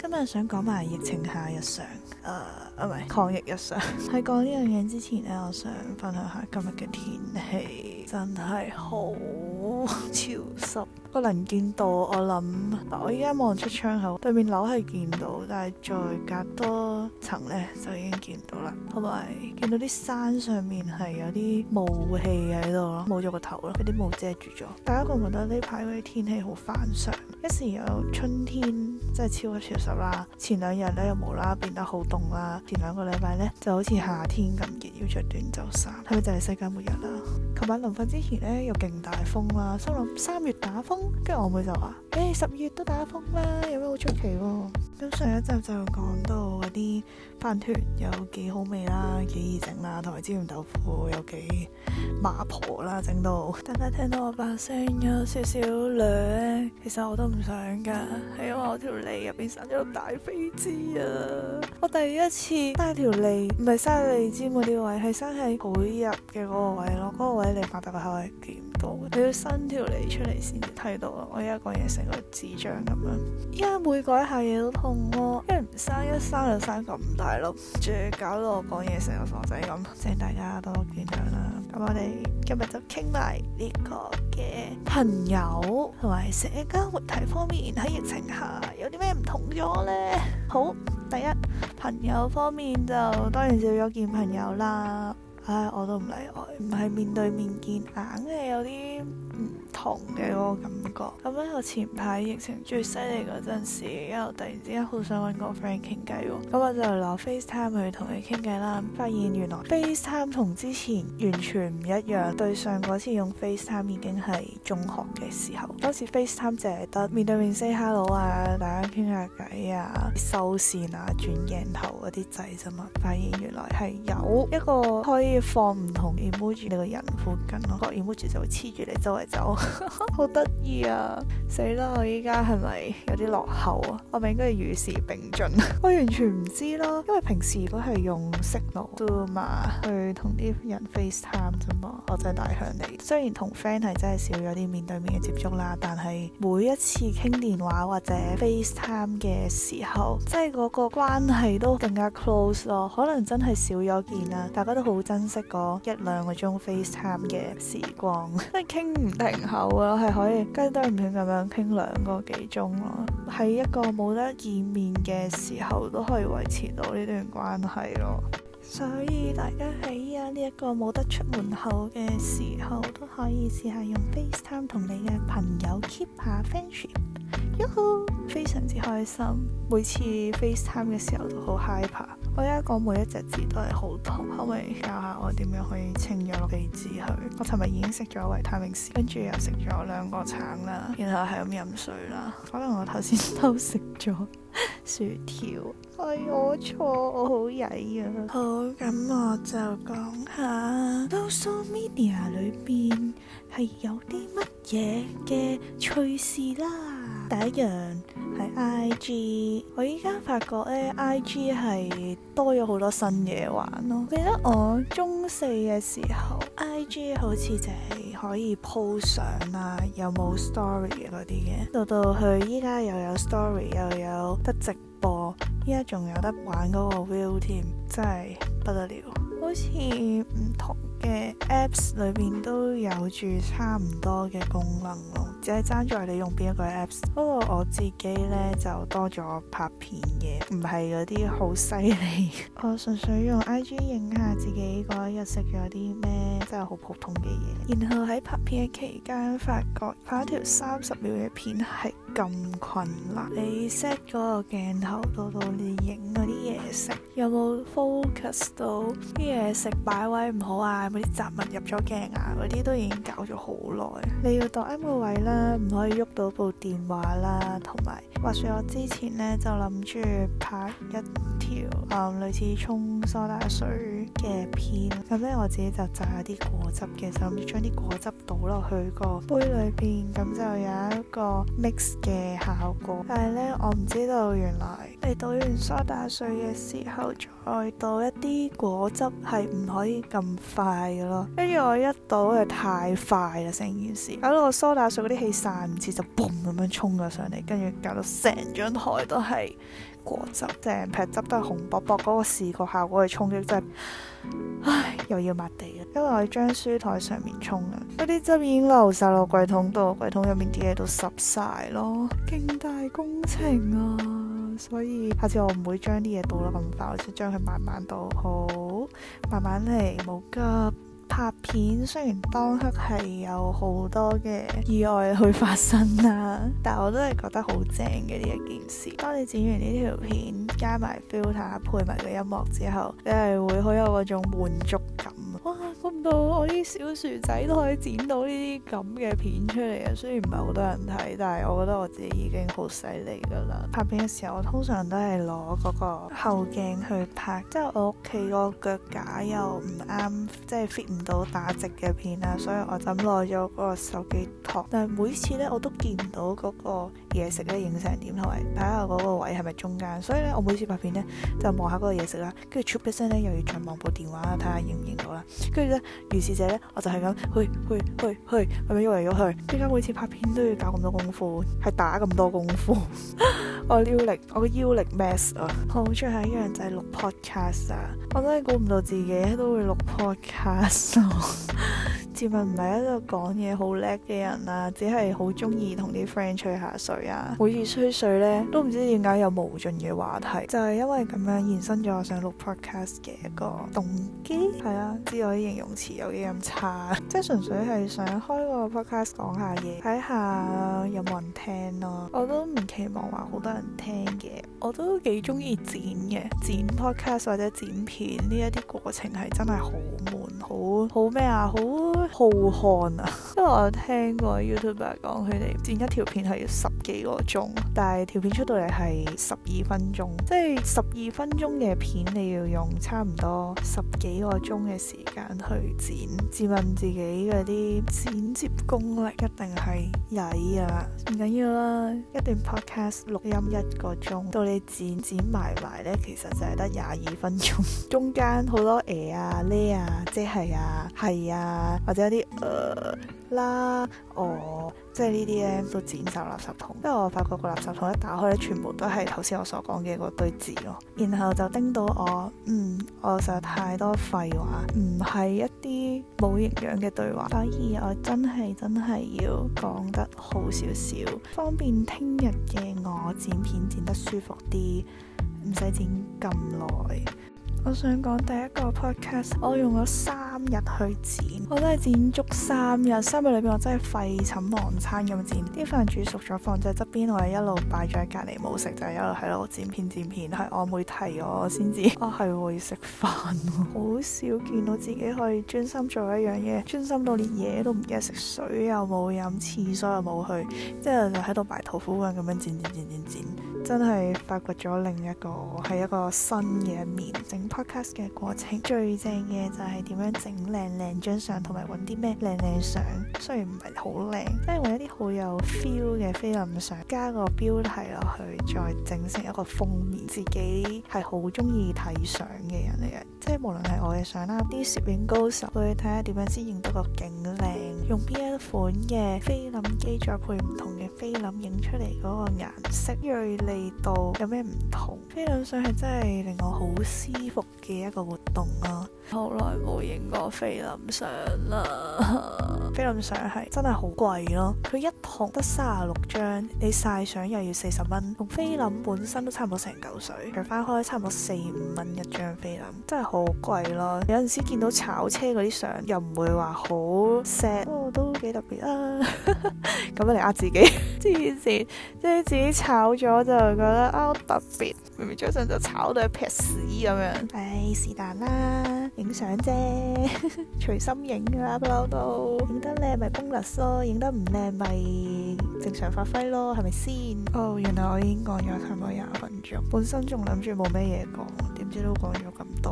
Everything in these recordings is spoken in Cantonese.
今日想講埋疫情下日常，誒、呃，唔係抗疫日常。喺講呢樣嘢之前咧，我想分享下今日嘅天氣，真係好潮濕。個能見度，我諗，我依家望出窗口，對面樓係見到，但係再隔多層呢，就已經見唔到啦。同埋見到啲山上面係有啲霧氣喺度咯，冇咗個頭咯，俾啲霧遮住咗。大家覺唔覺得呢排嗰啲天氣好反常？一時有春天，真係超級潮濕啦。前兩日呢，又無啦變得好凍啦。前兩個禮拜呢，就好似夏天咁嘅，熱要着短袖衫。係咪就係世界末日啦？琴晚臨瞓之前呢，又勁大風啦，心諗三月，打風，跟住我妹就話：，誒、欸，十二月都打風啦，有咩好出奇、啊？咁上一集就講到啲飯團有幾好味啦，幾易整啦，同埋芝園豆腐有幾麻婆啦，整到。大家聽到我把聲有少少涼，其實我都唔想噶，係因為我條脷入邊生咗個大飛滋啊！我第一次生條脷，唔係生脷尖嗰啲位，係生喺耳入嘅嗰個位咯，嗰、那個那個位你擘大個口係點？你要伸條脷出嚟先至睇到啊！我而家講嘢成個智障咁樣，依家每改下嘢都痛，咯，因為生一生就生咁大碌，仲要搞到我講嘢成個傻仔咁，請 大家多多見諒啦。咁我哋今日就傾埋呢個嘅朋友同埋社交活動方面喺疫情下有啲咩唔同咗呢？好，第一朋友方面就當然少咗見朋友啦。唉，我都唔例外，唔係面對面見，硬係有啲嗯。同嘅嗰個感覺咁樣，嗯，我前排疫情最犀利嗰陣時，因為我突然之間好想揾個 friend 傾偈，咁我就攞 FaceTime 去同佢傾偈啦。發現原來 FaceTime 同之前完全唔一樣，對上嗰次用 FaceTime 已經係中學嘅時候，當時 FaceTime 就係得面對面 say hello 啊，大家傾下偈啊，收線啊，轉鏡頭嗰啲仔啫嘛。發現原來係有一個可以放唔同 emoji 你個人附近咯，啊，個 emoji 就會黐住你周圍走。 好得意啊！死啦！我依家係咪有啲落後啊？我咪應該與時並進。 我完全唔知咯，因為平時都係用 Signal 啊去同啲人 FaceTime 啫嘛，我真係大向你。雖然同 friend 係真係少咗啲面對面嘅接觸啦，但係每一次傾電話或者 FaceTime 嘅時候，即係嗰個關係都更加 close 咯。可能真係少咗見啦，大家都好珍惜嗰一兩個鐘 FaceTime 嘅時光，真係傾唔停。口啊，係可以跟對唔起咁樣傾兩個幾鐘咯，喺一個冇得見面嘅時候都可以維持到呢段關係咯。所以大家喺依家呢一個冇得出門口嘅時候，都可以試下用 FaceTime 同你嘅朋友 keep 下 friendship。Uh、非常之開心，每次 FaceTime 嘅時候都好 hyper。我而家講每一隻字都係好痛，可唔可以教下我點樣可以清咗落鼻子去？我尋日已經食咗維他命 C，跟住又食咗兩個橙啦，然後係咁飲水啦。可能我頭先偷食咗薯條，係、哎、我錯，我好曳啊！好，咁我就講下 Somedia 裏邊係有啲乜嘢嘅趣事啦。第一樣係 IG，我依家發覺咧 IG 係多咗好多新嘢玩咯。記得我中四嘅時候，IG 好似就係可以鋪相啊，又冇 story 嗰啲嘅。到到去，依家又有 story，又有得直播，依家仲有得玩嗰個 view 添，真係不得了。好似唔同嘅 apps 裏邊都有住差唔多嘅功能咯。就係爭在你用邊一個 apps，不過、哦、我自己呢就多咗拍片嘅，唔係嗰啲好犀利， 我純粹用 IG 影下自己嗰一日食咗啲咩。真係好普通嘅嘢。然後喺拍片嘅期間，發覺拍一條三十秒嘅片係咁困難。你 set 嗰個鏡頭到到你影嗰啲嘢食，有冇 focus 到啲嘢食，擺位唔好啊？有冇啲雜物入咗鏡啊？嗰啲都已經搞咗好耐。你要度啱個位啦，唔可以喐到部電話啦，同埋話説我之前呢就諗住拍一條誒、嗯、類似沖梳打水嘅片，咁咧我自己就差啲。果汁嘅，就諗住將啲果汁倒落去個杯裏邊，咁就有一個 mix 嘅效果。但係呢，我唔知道原來你倒完梳打水嘅時候，再倒一啲果汁係唔可以咁快嘅咯。跟住我一倒係太快啦，成件事搞到個梳打水嗰啲氣散唔切，就 boom 咁樣衝咗上嚟，跟住搞到成張台都係。果汁，即劈汁都係紅薄薄嗰個視覺效果去衝嘅，就係，唉，又要抹地啊！因為我要將書台上面衝啊，嗰啲汁已經流晒落櫃桶度，櫃桶入面啲嘢都濕晒咯，勁大工程啊！所以下次我唔會將啲嘢倒得咁快，我先將佢慢慢倒，好，慢慢嚟，冇急。拍片雖然當刻係有好多嘅意外去發生啦，但我都係覺得好正嘅呢一件事。當你剪完呢條片，加埋 filter 配埋個音樂之後，你係會好有嗰種滿足感。估唔到我啲小薯仔都可以剪到呢啲咁嘅片出嚟啊！雖然唔係好多人睇，但係我覺得我自己已經好犀利㗎啦。拍片嘅時候，我通常都係攞嗰個後鏡去拍，即係我屋企個腳架又唔啱，即係 fit 唔到打直嘅片啦，所以我就攞咗個手機托。但係每次咧，我都見唔到嗰個嘢食咧影成點，同埋睇下嗰個位係咪中間，所以咧，我每次拍片咧就望下嗰個嘢食啦，跟住起身咧又要再望部電話啦，睇下影唔影到啦，跟住於是者咧，我就係咁去去去去咁樣喐嚟喐去，點解每次拍片都要教咁多功夫，係打咁多功夫？ 我腰力，我個腰力 mess 啊！好在係一樣就係錄 podcast 啊！我真係估唔到自己都會錄 podcast 啊。 自問唔係一個講嘢好叻嘅人啦、啊，只係好中意同啲 friend 吹下水啊。每次吹水呢，都唔知點解有無盡嘅話題，就係、是、因為咁樣延伸咗我想錄 podcast 嘅一個動機。係啊，知我啲形容詞有幾咁差， 即係純粹係想開個 podcast 講下嘢，睇下有冇人聽咯、啊。我都唔期望話好多人聽嘅，我都幾中意剪嘅，剪 podcast 或者剪片呢一啲過程係真係好悶。好好咩啊，好浩瀚啊，因為我有聽過 YouTuber 講佢哋剪一條片係要十幾個鐘，但係條片出到嚟係十二分鐘，即係十二分鐘嘅片，你要用差唔多十幾個鐘嘅時間去剪。自問自己嘅啲剪接功力一定係曳啊，唔緊要啦。一段 podcast 錄音一個鐘，到你剪剪埋埋呢，其實就係得廿二分鐘。中間好多誒啊、呢啊、即係啊、係啊，或者有啲誒啦、哦。即係呢啲咧都剪走垃圾桶，因為我發覺個垃圾桶一打開咧，全部都係頭先我所講嘅嗰堆字咯。然後就叮到我，嗯，我實在太多廢話，唔係一啲冇營養嘅對話，所以我真係真係要講得好少少，方便聽日嘅我剪片剪得舒服啲，唔使剪咁耐。我想講第一個 podcast，我用咗三日去剪，我真係剪足三日，三日裏邊我真係廢寢忘餐咁剪，啲飯煮熟咗放只側邊，我哋一路擺喺隔籬冇食，就係、是、一路喺度剪片剪片，係我妹提我先至，我、啊、係會食飯， 好少見到自己可以專心做一樣嘢，專心到連嘢都唔記得食，水又冇飲，廁所又冇去，之後就喺度埋頭苦幹咁樣剪剪剪剪剪。剪剪剪剪真係發掘咗另一個係一個新嘅一面整 podcast 嘅過程，最正嘅就係點樣整靚靚張相，同埋揾啲咩靚靚相，雖然唔係好靚，即係揾一啲好有 feel 嘅菲林相，加個標題落去，再整成一個封面。自己係好中意睇相嘅人嚟嘅，即係無論係我嘅相啦，啲攝影高手，去睇下點樣先影到個景靚。用邊一款嘅菲林機，再配唔同嘅菲林，影出嚟嗰個顏色、鋭利度有咩唔同？菲林相係真係令我好舒服嘅一個活動啊！好耐冇影過菲林相啦， 菲林相係真係好貴咯，佢一筒得三十六張，你晒相又要四十蚊，同菲林本身都差唔多成嚿水，佢翻、嗯、開差唔多四五蚊一張菲林，真係好貴咯。有陣時見到炒車嗰啲相，又唔會話好石，都幾特別啊，咁 樣嚟呃自己，黐 線，即係自己炒咗就覺得哦特別，明明張相就炒到一劈屎咁樣，唉、哎，是但啦。影相啫， 隨心影㗎喇，不嬲都影得靚咪 bonus 咯，影得唔靚咪正常發揮咯，係咪先？哦，oh, 原來我已經講咗差唔多廿分鐘，本身仲諗住冇咩嘢講，點知都講咗咁多。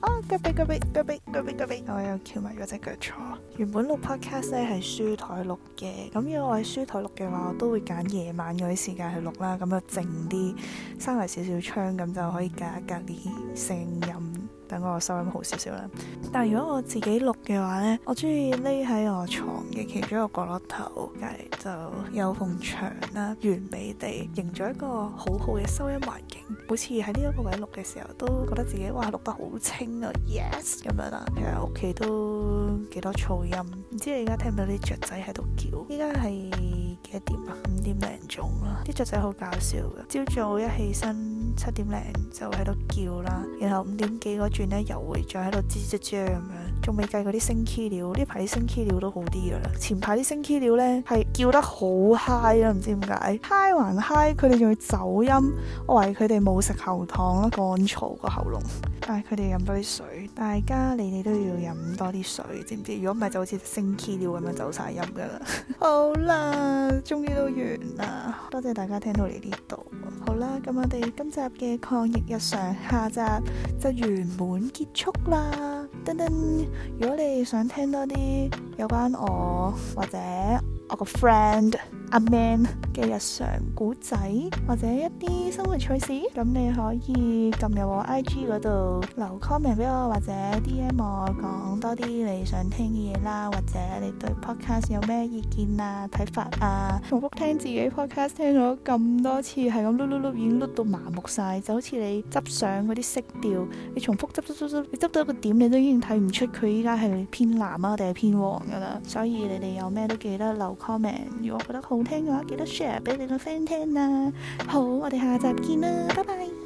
啊，腳臂腳臂腳臂腳臂腳臂，我又翹埋嗰隻腳坐。原本錄 podcast 咧係書台錄嘅，咁如果我喺書台錄嘅話，我都會揀夜晚嗰啲時間去錄啦，咁啊靜啲，閂埋少少窗咁就可以隔一隔啲聲音。等我收音好少少啦，但係如果我自己錄嘅話呢，我中意匿喺我床嘅其中一個角落頭，隔籬就有縫牆啦，完美地營造一個好好嘅收音環境。每次喺呢一個位錄嘅時候，都覺得自己哇錄得好清啊，yes 咁樣啦。其實屋企都幾多噪音，唔知你而家聽唔到啲雀仔喺度叫？依家係。幾多點啊？五點零鐘啦，啲雀仔好搞笑嘅，朝早一起身七點零就喺度叫啦，然後五點幾嗰轉呢，又會再喺度吱吱吱咁樣，仲未計嗰啲升 key 鳥呢排啲升 key 鳥都好啲噶啦，前排啲升 key 鳥呢，係叫得好嗨啦，唔知點解嗨還嗨，佢哋仲要走音，我懷疑佢哋冇食喉糖啦，乾燥個喉嚨。唉，佢哋飲多啲水，大家你哋都要飲多啲水，知唔知？如果唔係，就好似升 key 咁樣走晒音噶啦。好啦，終於都完啦，多謝大家聽到嚟呢度。好啦，咁我哋今集嘅抗疫日常，下集就圓滿結束啦。噔噔，如果你想聽多啲有關我或者我個 friend。阿 man 嘅日常古仔，或者一啲生活趣事，咁你可以撳入我 IG 度留 comment 俾我，或者 DM 我講多啲你想聽嘅嘢啦，或者你對 podcast 有咩意見啊、睇法啊。重複聽自己 podcast 聽咗咁多次，係咁碌碌碌已經碌到麻木晒，就好似你執相嗰啲色調，你重複執執執執，你執到個點，你都已經睇唔出佢依家係偏藍啊定係偏黃噶啦，所以你哋有咩都記得留 comment，如果覺得好。聽嘅話，記得 share 俾你個 friend 聽啦！好，我哋下集見啦，拜拜。